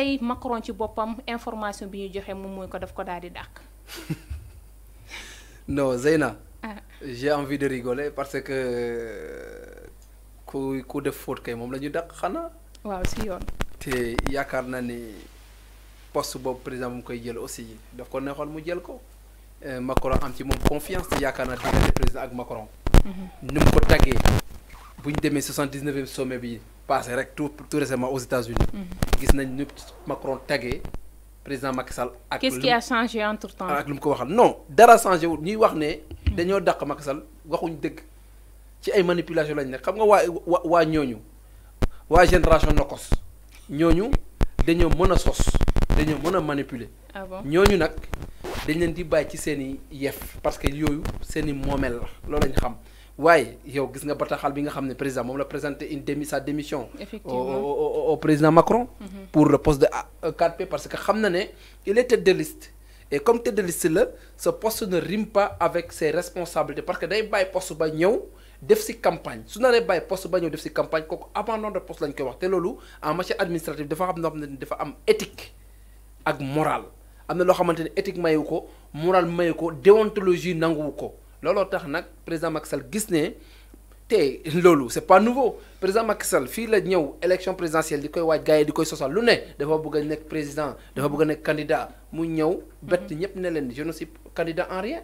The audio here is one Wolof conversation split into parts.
tey Macron ci boppam information bi ñu joxe moom mooy ko daf ko daal di dàq. non Zeyna. ah j'ai envie de rigoler parce que euh, ku ku def faute kay moom la ñu dàq xanaa. waaw si yoon. te yaakaar naa ni poste boobu président mu koy jël aussi daf ko neexoon mu jël ko. Euh, Macron am ci moom confiance te yaakaar naa diggante président ak Macron. Mhm. ni mu ko tàggee buñ ñu demee soixante dix sommet bi passé rek tout tout récemment aux États-Unis mhm. gis nañ ñu Macron tagué président Macky Sall ak qu'est-ce qui a changé entre temps ak lu ko waxal non dara changé wul ñuy wax né dañu dakk Macky Sall waxuñ deug ci ay manipulation lañ nekk xam nga wa wa ñoñu. Wa génération nokos Ñoñu dañu mëna sos, dañu mëna manipuler. Ah bon. Ñoñu nak dañ leen di bay ci seen yef parce que yoyu seen momel la loolu lañ xam waaye yow gis nga bataaxal bi président moom la présenté une démi sa démission au, au, président Macron mhm. pour le poste de a euh, parce que xam na il est tête de liste et comme tête de liste là ce poste ne rime pas avec ses responsabilités parce que day bàyyi poste ba ñëw def ci campagne su naree bàyyi poste ba ñëw def ci campagne kooku abandon de poste lañ koy wax te loolu en matière administrative dafa xam ne dafa am éthique ak morale am na loo éthique une ko morale une ko déontologie lolo tax nak président Macky Sall gis né té c'est pas nouveau président Macky Sall fi la ñew élection présidentielle dikoy waj waaj gars di koy sosal lu né dafa bëgg président dafa bëgg candidat mu ñew bett mhm. ñep ne leen je ne suis candidat en rien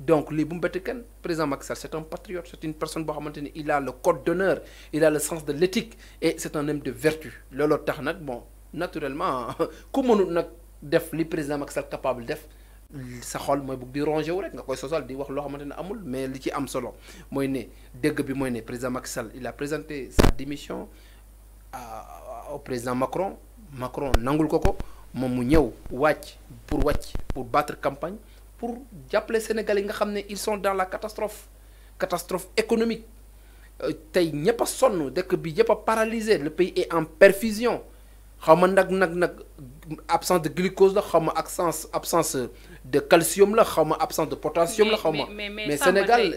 donc li bu mu ken président Macky Sall c'est un patriote c'est une personne bo il a le code d'honneur il a le sens de l'éthique et c'est un homme de vertu lolo tax nak bon naturellement ku on nak def li président Macky Sall capable def sa xol moy bu di rongé wu rek nga koy sosal di wax lo xamantene amul mais li ci am solo moy ne dëgg bi moy ne président Macky Sall il a présenté sa démission à au président Macron Macron nangul koko mom mu ñew wacc pour wacc pour battre campagne pour jàppale Sénégalais nga xamné ils sont dans la catastrophe catastrophe économique euh, tay ñëpp a sonn bi yëpp paralysé le pays est en perfusion xaw nak nak absence de glucose la ma absence absence euh, de calcium là absence de potassium la mais Sénégal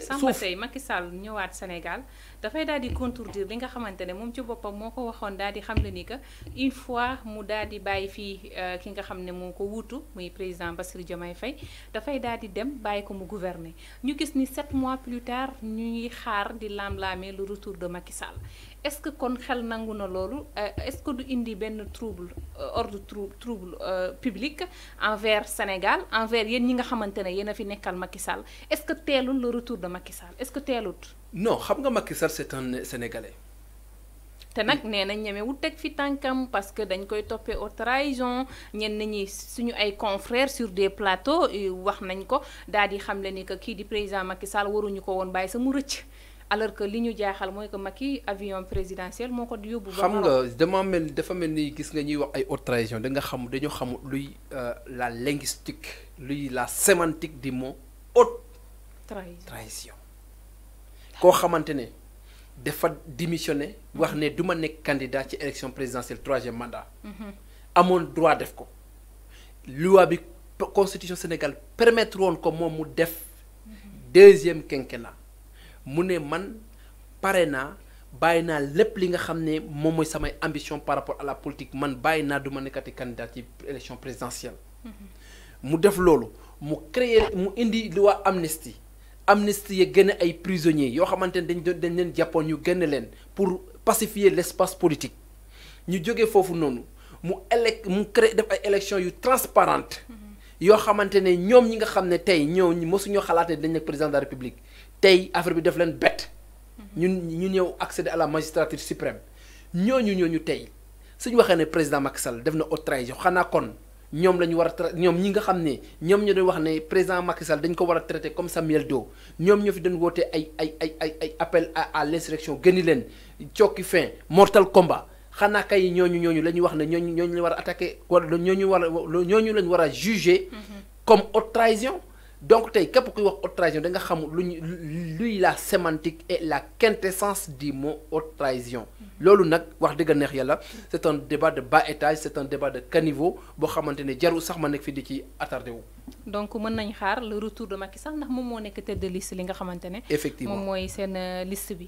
Sénégal dafay daal di contredire li nga xamante ne moom ci boppam moo ko waxoon daal di xam le ni que une fois mu daal di bàyyi fii euh, ki nga xam ne moo ko wuutu muy président Bassirou Diomaye Faye dafay daal di dem bàyyi ko mu gouverner ñu gis ni sept mois plus tard ñu ngi xaar di lamlaamee le retour de Macky Sall est-ce que kon xel nangu na loolu euh, est-ce que du indi benn trouble euh, ordre trouble public envers Sénégal envers yéen ñi nga xamante ne yéen a fi nekkal Macky Sall est-ce que teelul le retour de Macky Sall est-ce que teelut non xam nga Macky Sall c'est un sénégalais. te nak néna na ñemewul teg fi tankam parce que dañ koy topé au trahison ñen ñi suñu ay confrères sur des plateaux wax nañ ko daal di xam le ni que ki di président Macky Sall waruñu ko won bay sa mu rëcc alors que li ñu jaaxal moy que Macky avion présidentiel moko ko yóbbu. xam nga dama mel dafa mel ni gis nga ñi wax ay haute trahison da nga xam dañoo xam luy euh, la linguistique luy la sémantique du mot haute. trahison koo xamante ne dafa démissionné wax ne du ma candidat ci élection présidentielle troisième mandat mhm. amoon droit def ko loi bi constitution Sénégal permettre woon ko moom mu def mhm. deuxième quinquennat mu ne man pare naa bàyyi naa lépp li nga xam ne moom mooy samay ambition par rapport à la politique man bàyyi naa du ma nekkati candidat ci élection présidentielle mhm. mu def loolu mu créer mu indi loi amnistie amnistie ya gën ay prisonniers Yo xamantene dañ dañ leen Japon ñu gën leen pour pacifier l'espace politique ñu joggé fofu nonu mu élec mu créer def ay élections yu transparente mm-hmm. Yo xamantene ñom ñi nga xamné tay tey ñoo mosuñoo xalaat ne dañ nekk président de la république Tay affaire bi def leen bête. Mm-hmm. ñun ñu ñëw accéder à la magistrature suprême ñooñu ñooñu tay. suñu waxee ne président Macky Sall def na haute trahison xanaa kon ñom lañu wara ñom ñi nga xamné ñom ñu doon wax né président Macky Sall dañ ko wara a traité comme Samuel Doe ñom ñu fi doon woote ay ay ay ay ay appel à à l'insurrection gëni leen cokki fin mortal combat xana kay ñooñu ñooñu lañu wax né ñooñu ñooñu wara attaquer wala ñooñu wara a ñooñu lañ war a jugé mm-hmm. comme haute trahison donc tey képp kuy wax haute trahison da nga xam luñ luy la sémantique et la quintessence du mot haute trahison mhm. loolu nag wax dëgg neex yàlla c'est un débat de bas étage c'est un débat de caniveau boo xamante ne jarul sax ma nekk fi di ci attardé wu. donc mën nañ xaar le retour de Macky Sall ndax moom moo nekk tête de liste li nga xamante effectivement moom mooy seen euh, liste bi.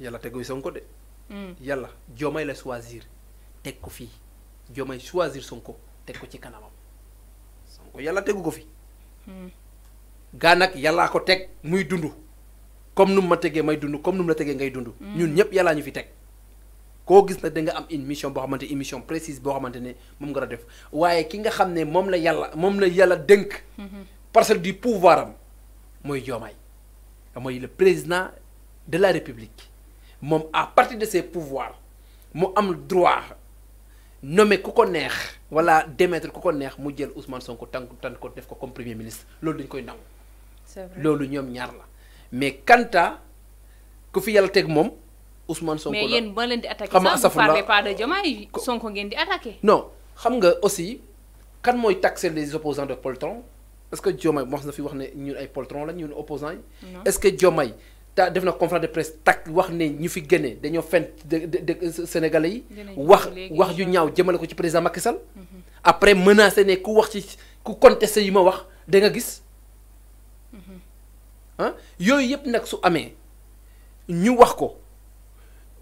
yàlla teguy Sonko de. Mm. yalla a la choisir teg ko a choisir Sonko ci kanamam Sonko yalla teggu ko fi. Mm. ga nak yalla ko muy comme nous ma nous may dundu comme nous la ngay dundu mm. ñun ñep yalla ñu fi ko gis nga am une mission mission. précise def ki nga la la mm-hmm. du pouvoir le président de la république mom à partir de ses pouvoirs mo am droit nommer ku ko neex wala démettre ku ko neex mu jël Ousmane Sonko tank tànk ko def ko comme premier ministre loolu dañu koy nangu. c'est vrai loolu ñoom ñaar la mais Kanta ku fi yalla tek mom Ousmane Sonko mais yéen ba leen di attaquer sax vous parlez pas de Diomaye Sonko ngeen di attaquer non xam nga aussi kan moy taxer les opposants de poltron est-ce que Diomaye wax na fi wax ne ñun ay poltron la ñun opposants est-ce que Diomaye ta def na conférence de presse tak wax ne ñu fi gëné dañoo fen de sénégalais yi wax wax ju ñaaw jëmale ko ci président Macky Sall mhm. après menacer né ku wax ci ku contester yi ma wax da nga gis mhm. hein yoy yëpp nak su amé ñu wax ko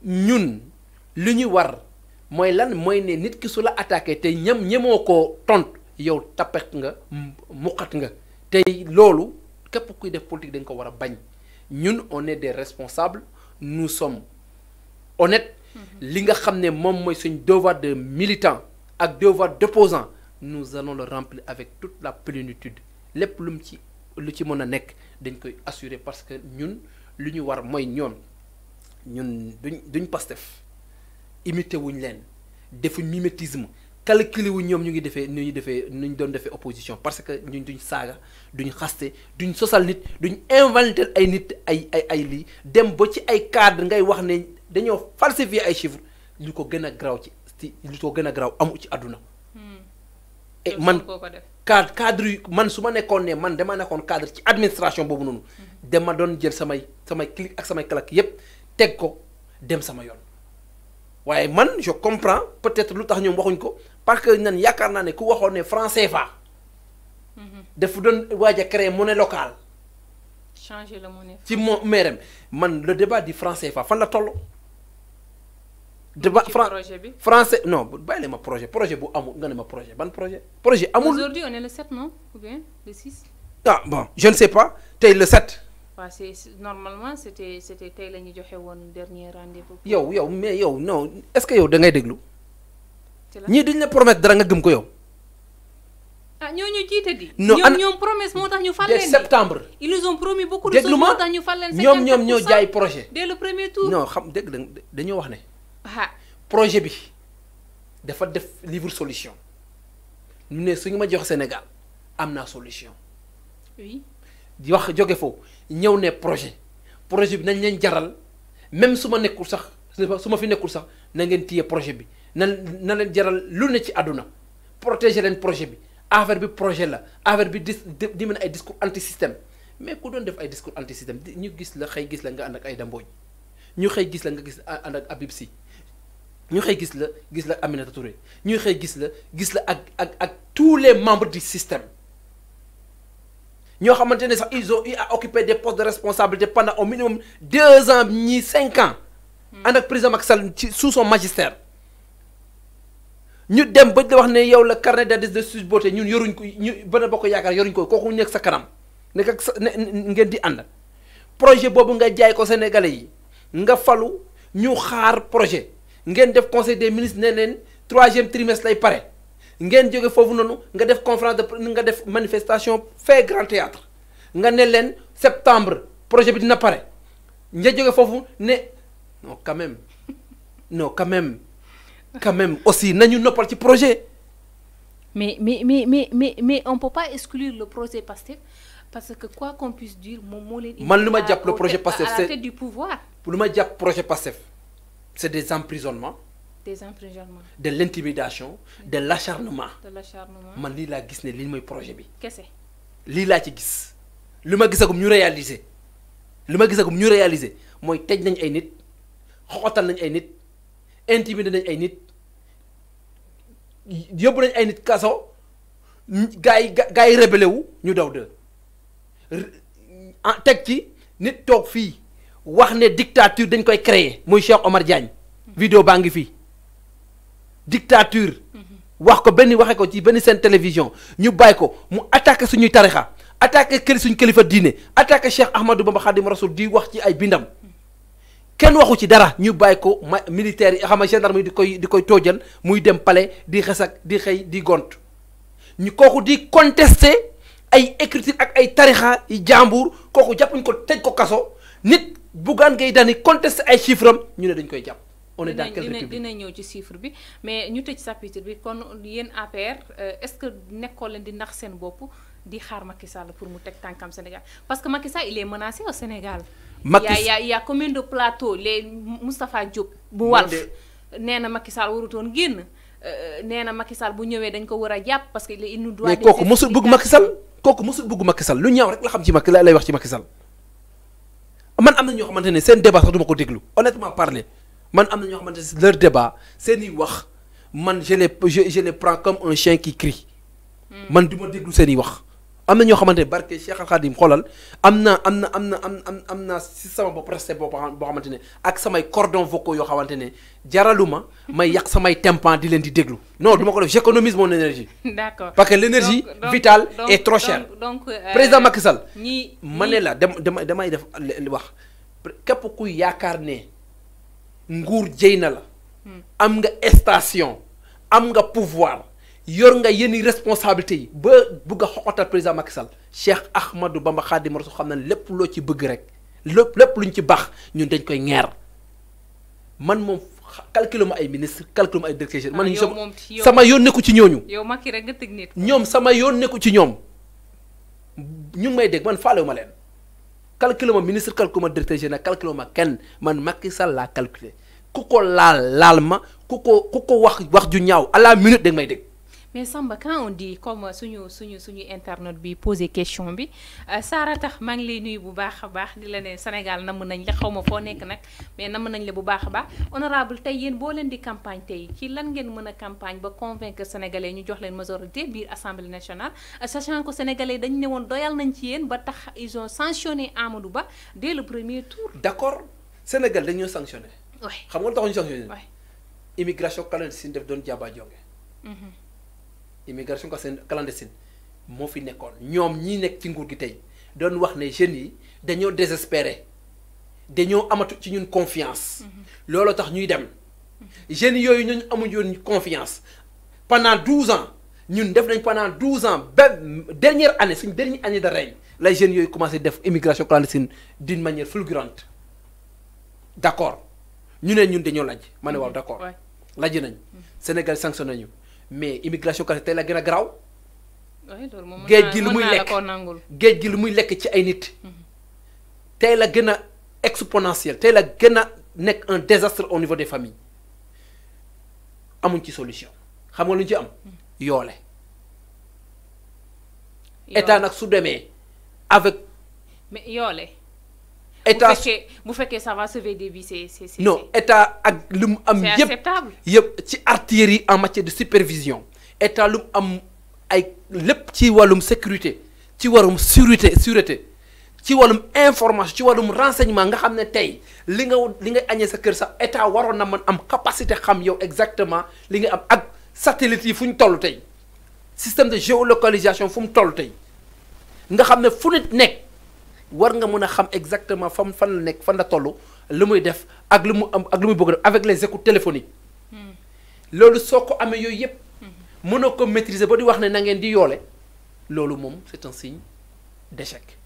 ñun li ñu war moy lan moy né nit ki su la attaquer té ñam ñemoo ko tontu yow tapet nga muqat nga tey lolu képp kuy def politique dañ ko wara bañ nous on des responsables nous sommes honnêtes mhm. li nga xamné mom moy suñ devoir de militant ak devoir d'opposant nous allons le remplir avec toute la plénitude les lu qui ci lu ci mëna nek assurer parce que ñun lu ñu war moy ñoon ñun duñ duñ Pastef imité wuñ len mimétisme calculer wu nous ñu opposition parce que nous une saga, xaste une socialite nit ay ay cadre ngay wax falsifier ay chiffres li ko gëna ci hmm. et eh, cadre cadre man man cadre administration bobu nonu hmm. dama samay samay clic samay claque yep ko dem man je comprends peut-être lu tax parce que nan yaakaar naa ne ku waxoon français franc CFA. dafa doon waaj a créer monnaie locale. changer la monnaie. ci mo man le débat du franc CFA fan la toll. débat franc projet français non bàyyi leen ma projet projet bu amul nga ma projet ban projet. projet amul aujourd'hui on est le 7 non ou bien le 6. ah bon je ne sais pas Tu es le 7. waaw c'est normalement c'était c'était tey la ñu joxe woon dernier rendez-vous. yow yow mais yow non est-ce que yow da ngay déglu. ñii duñ la promettre dara nga gëm ko yow. ah ñooñu jiite di. ñoom ñoom promesse moo tax ñu fal leen septembre. ils nous ont promis beaucoup de choses moo tax ñu fal leen. ñoom ñoom ñoo jaay projet. dès le premier tour non xam dégg nga dañoo wax ne. Ah. projet bi dafa def livre solution ñu ne su ñu ma jox Sénégal am naa solution. oui. wax joge foofu ñëw ne projet projet bi nañ leen jaral même su ma nekkul sax su ma fi nekkul sax na ngeen téye projet bi. nan na jaral lu ne ci protéger le projet bi affaire bi projet la affaire bi di discours anti système mais ku doon def discours anti système ñu gis la xey gis la nga avons ak ay la nga ak Sy ñu la la Aminata Touré que la tous les membres du système ñoo xamantene sax ils ont occupé des postes de responsabilité pendant au minimum deux ans ni cinq ans and hmm. ak président Macky sous son magistère ñu dem bëgg wax né yow la carnet d'adresse de Sweet Beauté ñun yoruñ ko ñu bëna Bokk Yaakaar yoruñ ko nous ñek sa kanam nekk ak ngeen di projet bobu nga jaay ko Sénégalais yi nga falu ñu xaar projet ngeen def conseil des ministres ne 3 troisième trimestre lay pare ngeen joggé fofu nga def conférence de nga def manifestation fait grand théâtre nga ne septembre projet bi dina pare nga joggé fofu né non quand même non quand même quand même aussi nañu noppal ci projet. mais mais mais mais mais mais on peut pas exclure le projet PASTEF parce que quoi qu'on puisse dire mon moo leen. man ma le projet PASTEF c'est du pouvoir. pour le projet PASTEF c'est des emprisonnements. des emprisonnements. de l'intimidation de l'acharnement. de l'acharnement man lii laa gis ne lii mooy projet bi. kese lii laa ci gis. li ma ñu réaliser Le ma gisagum ñu réaliser Moi, tej nañ ay nit nañ ay nit. intimider nañ ay nit yóbbu nañ ay nit kaso gaa yi gaa yi rébellé wu ñu daw de teg ci nit toog fii wax ne dictature dañ koy créer muy Cheikh Omar Diagne. vidéo baa ngi fii dictature. wax ko benn waxee ko ci benn seen télévision ñu bàyyi ko mu attaqué suñuy tarixa attaque kër suñu kilifa diine attaqué Cheikh Ahmadou Bamba Khadim Rasoul di wax ci ay bindam. kenn waxu ci dara ñu bàyyi ko ma militaire yi xam nga gendarme yi di koy di koy toojal muy dem pale di xes ak di xëy di gont ñu kooku di contester ay écriture ak ay tarixa yi jàmbur kooku jàppuñ ko tëj ko kaso nit Bougane Gueye Dany contester ay chiffres am ñu ne dañ koy jàpp. on est dans quelle dina ñëw ci chiffre bi mais ñu tëj chapitre bi kon yéen affaire euh, est-ce que nekkoo leen di nax seen bopp. di xaar Macky Sall pour mu teg tànkam Sénégal parce que Macky Sall il est menacé au Sénégal. Macky y' a y' a y' a combien de plateau les Moustapha Diop. bu Walf nee na Macky Sall warutoon génn. Euh, nee na Macky Sall bu ñëwee dañ ko war a jàpp parce que il nous doit. mais kooku mosul bëgg Macky Sall kooku mosul bëgg Macky Sall lu ñaaw rek la xam ci Macky lay wax ci Macky Sall. man am na ñoo xamante ne seen débat sax du ma ko déglu honnêtement parler man am na ñoo xamante ne leur débat seen i wax man je les je je les prends comme un chien qui crie. Hmm. man du ma déglu seen i wax amna ñoo xamante ne barke Cheikh Al Khadim xoolal am na am na am na am am naa si sama bopp recette boo xamante ne ak samay cordon vocaux yoo xamante ne jaraluma may yàq samay tympan di leen di déglu non du ma ko def j'économise mon énergie. d'accord parce que l'énergie vitale est trop chère. donc euh, président Macky Sall. ñii ma ne la dama damay def wax képp kuy yaakaar ne nguur jëy na la. Hmm. am nga station am nga pouvoir. yor nga yenn responsabilité yi ba bugg a xoxotal président Macky Sall Cheikh Ahmadou Bamba Khadimou Rassoul xam na lépp loo ci bëgg rek lépp lépp luñ ci baax ñun dañ koy ŋeer man moom calculer ma ay ministre calculer ma ay directeur général man ah, ñu sama yoon nekku ci ñooñu. yow Macky rek nga tëj nit ñoom sama yoon nekku ci ñoom ñu ngi may dégg man faalewu ma leen calculer ma ministre calculer ma directeur général calculer ma kenn man Macky Sall laa calculer ku ko laal laal ma ku ko ku ko wax wax ju ñaaw à la minute danga may dégg. mais Samba quand on dit comme suñu suñu suñu internet bi poser question bi euh, Sara tax maa ngi lay nuyu bu baax baax di la Sénégal nam nañ la xawma fo nek nak mais nam nañ la bu baax a baax honorable tay yeen bo len di campagne tay ci lan ngeen mëna campagne ba convaincre sénégalais ñu jox leen majorité biir assemblée nationale euh, sachant que sénégalais dañ ne doyal nañ ci yeen ba tax ils ont sanctionné Amadou Ba dès le premier tour. d'accord Sénégal dañ ñoo sanctionné. xam nga tax ñu sanctionné. immigration sin def doon jaba jonge mhm immigration clandestine moo fi nekkoon ñoom ñi nek ci nguur gi tay doon wax né jeunes yi dañoo désespéré dañoo amatu ci ñun confiance. Mhm. looloo tax ñuy dem. jeunes yoyu ñu confiance pendant 12 ans ñun def nañ pendant 12 ans dernière année suñ dernière année de règne les jeunes yoyu commencé def immigration clandestine d'une manière fulgurante D'accord. Nous, ñu ne ñun dañoo lajj mané ne waaw d'accord. accord nañ mhm. Sénégal sanctionné ñu mais immigration clandestine la gën a garaaw. géej gi lu muy lekk géej gi lu muy lekk ci ay nit. la gën a exponentielle tey la gën a un désastre au niveau des familles amuñ ci solution xam nga lu ci am mhm. yole. état nag su demee avec. mais yoole état bu fekkee bu fekkee ça va sauver des vies c'est non état ak lu am. yeb acceptable yëpp ci artères en matière de supervision état lu am ay lepp ci walum sécurité ci warum sécurité sécurité ci walum information ci wàllum renseignement nga xamné tay li nga li nga agné sa cœur sax état waro na man am capacité xam yow exactement li nga am ak satellite yi fuñ ñu tay système de géolocalisation fuñ mu tay nga xamné fu nit nekk. war nga mën a xam exactement fan fan la nekk fan la toll lu muy def ak lu mu am ak lu muy bëgg def avec les écoutes téléphoniques hmm. loolu soo ko amee yooyu yëpp hmm. mënoo ko maîtriser ba di wax ne na ngeen di yoole loolu moom c'est un signe d'échec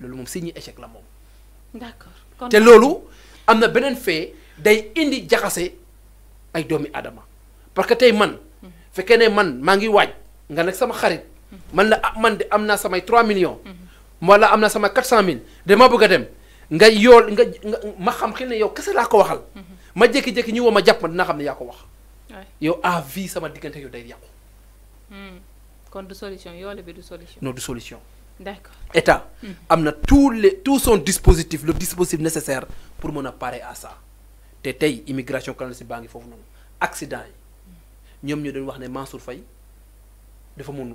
loolu moom signe échec la moom. te loolu am na beneen fee day indi jaxase ay doomi aadama parce que tey man. Hmm. fekkee ne man maa ngi waaj nga nekk sama xarit. man la ah man de am naa samay 3 millions. wala am na sama 400000 dama bëgg a dem nga yool nga ma xam xëy yow kessa la ko waxal. Mhm. ma jékki-jékki ñu woo ma jàpp ma dina xam ne yaa ko wax. yow à vie sama diggante yow day yàqu. Hmm. kon du solution yoole bi du solution. non du solution. d'accord état. Hmm. am na tous les tout son dispositif le dispositif nécessaire pour mën a parer à ça te tey immigration clandestine baa ngi foofu noonu accident yi hmm. ñoom ñoo doon wax ne Mansour Faye dafa mënu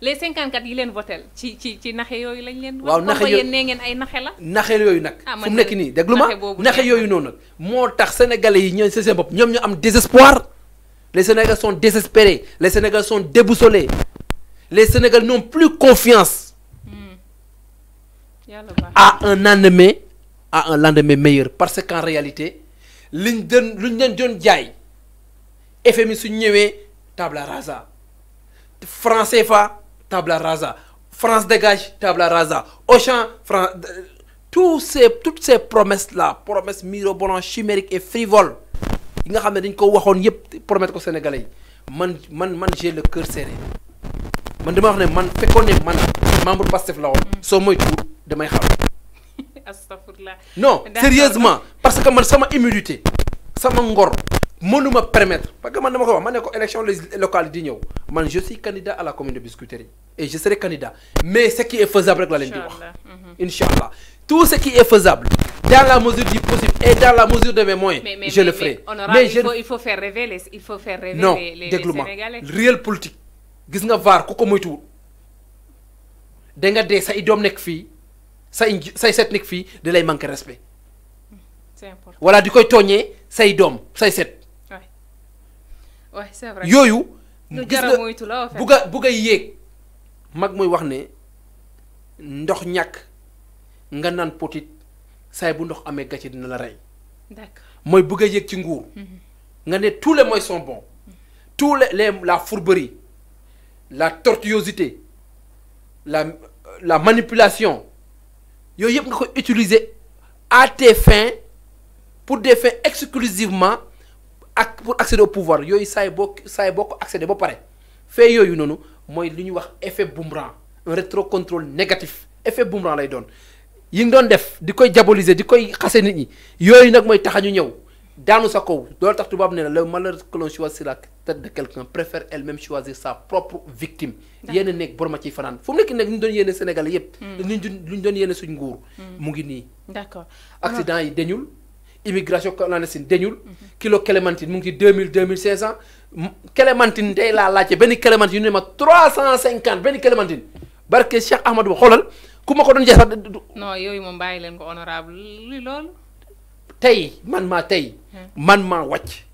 les 54 yi leen votel ci ci ci naxe yooyu lañ leen. waaw naxe yooyu yéen ngeen ay naxe la. naxe yooyu nag. Ah, fu mu nekk nii déglu ma naxe yooyu noonu nag. moo tax sénégalais yi ñoo seen bopp ñoom ñu am désespoir les sénégalais sont désespérés les sénégalais sont déboussolés les sénégalais n'ont plus confiance. Hmm. à un lendemain à un lendemain meilleur parce qu'en réalité liñ den luñ leen doon jaay FMI su ñëwee table rasa français fa tabla rasa. France dégage, tabla rasa. Auchan, France... Tous ces, toutes ces promesses-là, promesses mirobolantes, chimériques et frivoles, ils n'ont pas dit qu'ils promettent aux Sénégalais. Man, man, man, j'ai le cœur serré. Man, demain, man, fait je suis man, membre passif là je Sans moi, tout, demain, je Non, sérieusement, parce que man, ça m'a immunité, ça m'a ngor me permettre parce que man dama ko wax ko élection locale di ñëw man je suis candidat à la commune de Biscuiterie et je serai candidat mais ce qui est faisable avec la leen di mhm. tout ce qui est faisable dans la mesure du possible et dans la mesure de mes moyens mais, mais, je mais, le ferai mais je il faut, il faut faire rêver les il faut faire rêver non Sénégalais. ma réel politique gis nga vaar ku ko moytuwul da nga dee say doom nekk fii say say set nekk fii da lay manquer respect c'est important wala di koy tooñee say doom say set Yo, c'est vrai yooyu. buga buga yéeg. mag nga naan potit saay bu ndox amee gàcce dina la rey. d'accord mooy buga yéeg ci nguur. Mm-hmm. nga ne tous les moy sont bons. Mm-hmm. tous les la fourberie la tortuosité la la manipulation yooyu yëpp nga ko utiliser à tes fins pour des fins exclusivement ak pour accéder au pouvoir yoy say bok say bok accéder ba paré fait yoy nonou moy lu wax effet boomerang un rétrocontrôle négatif effet boomerang lay donne yi nga doon def dikoy diaboliser dikoy koy nit ñi yoy nak moy taxañu ñew ñëw daanu sa ko do tax tubaab nee na le malheur que l'on choisit la tête de quelqu'un préfère elle-même choisir sa propre victime yene a nekk ci ciy fu nek nekk ñu doon yene sénégalais yépp luñ doon lu ñu doon yéene hmm. suñ nguur hmm. mu ngi d'accord. accident yi dañul immigration clandestine dañul. kilo clémentine mu ngi ci deux mille deux mille clémentine de la ma trois cent barke Cheikh Ahmadou ko non yoy len ko honorable li man ma tay hein? man ma wacc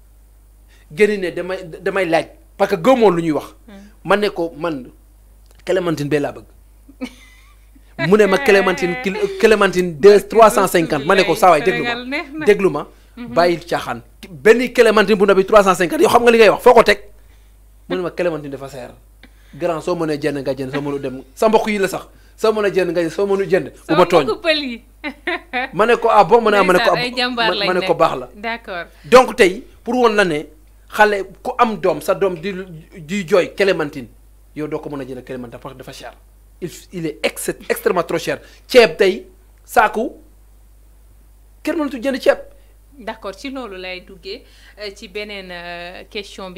damay damay parce que lu wax. Hein? man ko man mu ne ma Clémentine kil Clémentine deux trois cent cinquante ma ne ko saawaay déglu ma déglu ma mhm. bàyyil caaxaan benn Clémentine bu ndabi trois cent cinquante yow xam nga li ngay wax foo ko teg mu ne ma Clémentine dafa seer grand soo mënee jënd nga jënd soo mënu dem sa mbokk yi la sax soo mën a jënd nga soo mënu jënd bu ma tooñ ma ne ko ah bon ma ne ma ne ko ah, ma ne ko baax la d'accord donc tey pour woon la ne xale ku am doom sa doom di di jooy Clémentine yow doo ko a jënd Clémentine parce que dafa il est extrêmement trop cher ceeb tey Quel qui vient de ceeb. D'accord. si nous C'est une question